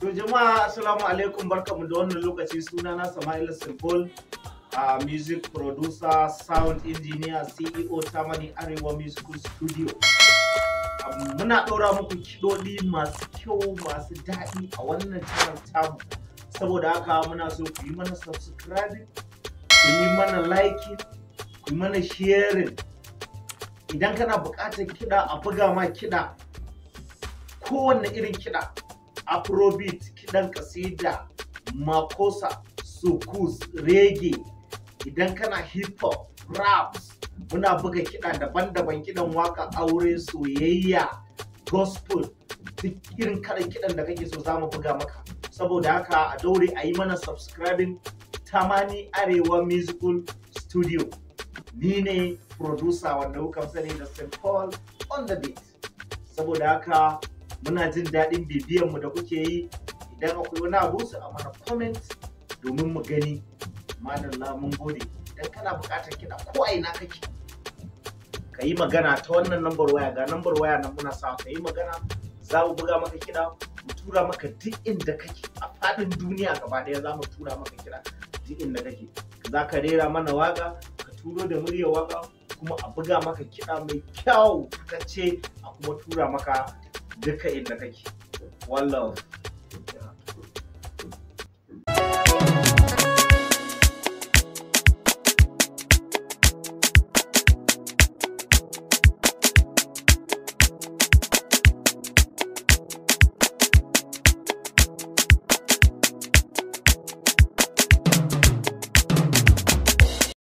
To jama'a assalamu alaikum barkamu da wannan lokaci suna na Sama'ila Simple a music producer, sound engineer, CEO Tamani Arewa Musical Studio. Muna ɗora muku kiɗoɗi masu kyau masu daɗi a wannan channel tamu. Saboda haka muna so ku yi mana subscribing, ku yi mana liking, ku yi mana sharing. Idan kana buƙatar kiɗa a buga ma kiɗa, kowanne irin kiɗa. afrobeat kiɗan kasida makosa sukus reggae idan kana hip hop raps muna buga kiɗa daban-daban kiɗan waka aure soyayya gospel duk irin kaɗan kiɗan da kake so za mu buga maka saboda haka a daure a yi mana subscribing tamani arewa musical studio ni ne producer wanda kuka sani da st paul on the beat saboda haka muna jin daɗin bibiyanmu da kuke yi idan akwai wani abu su a mana comment domin mu gani malam mun gode idan kana buƙatar kiɗa ko a ina kake ka yi magana ta wannan lambar waya ga lambar waya nan muna sa ka yi magana za mu buga maka kiɗa mu tura maka duk inda kake a faɗin duniya gaba ɗaya za mu tura maka kiɗa duk inda kake za ka rera mana waka ka turo da muryar waka kuma a buga maka kiɗa mai kyau fitacce a kuma tura maka duka inda kake one love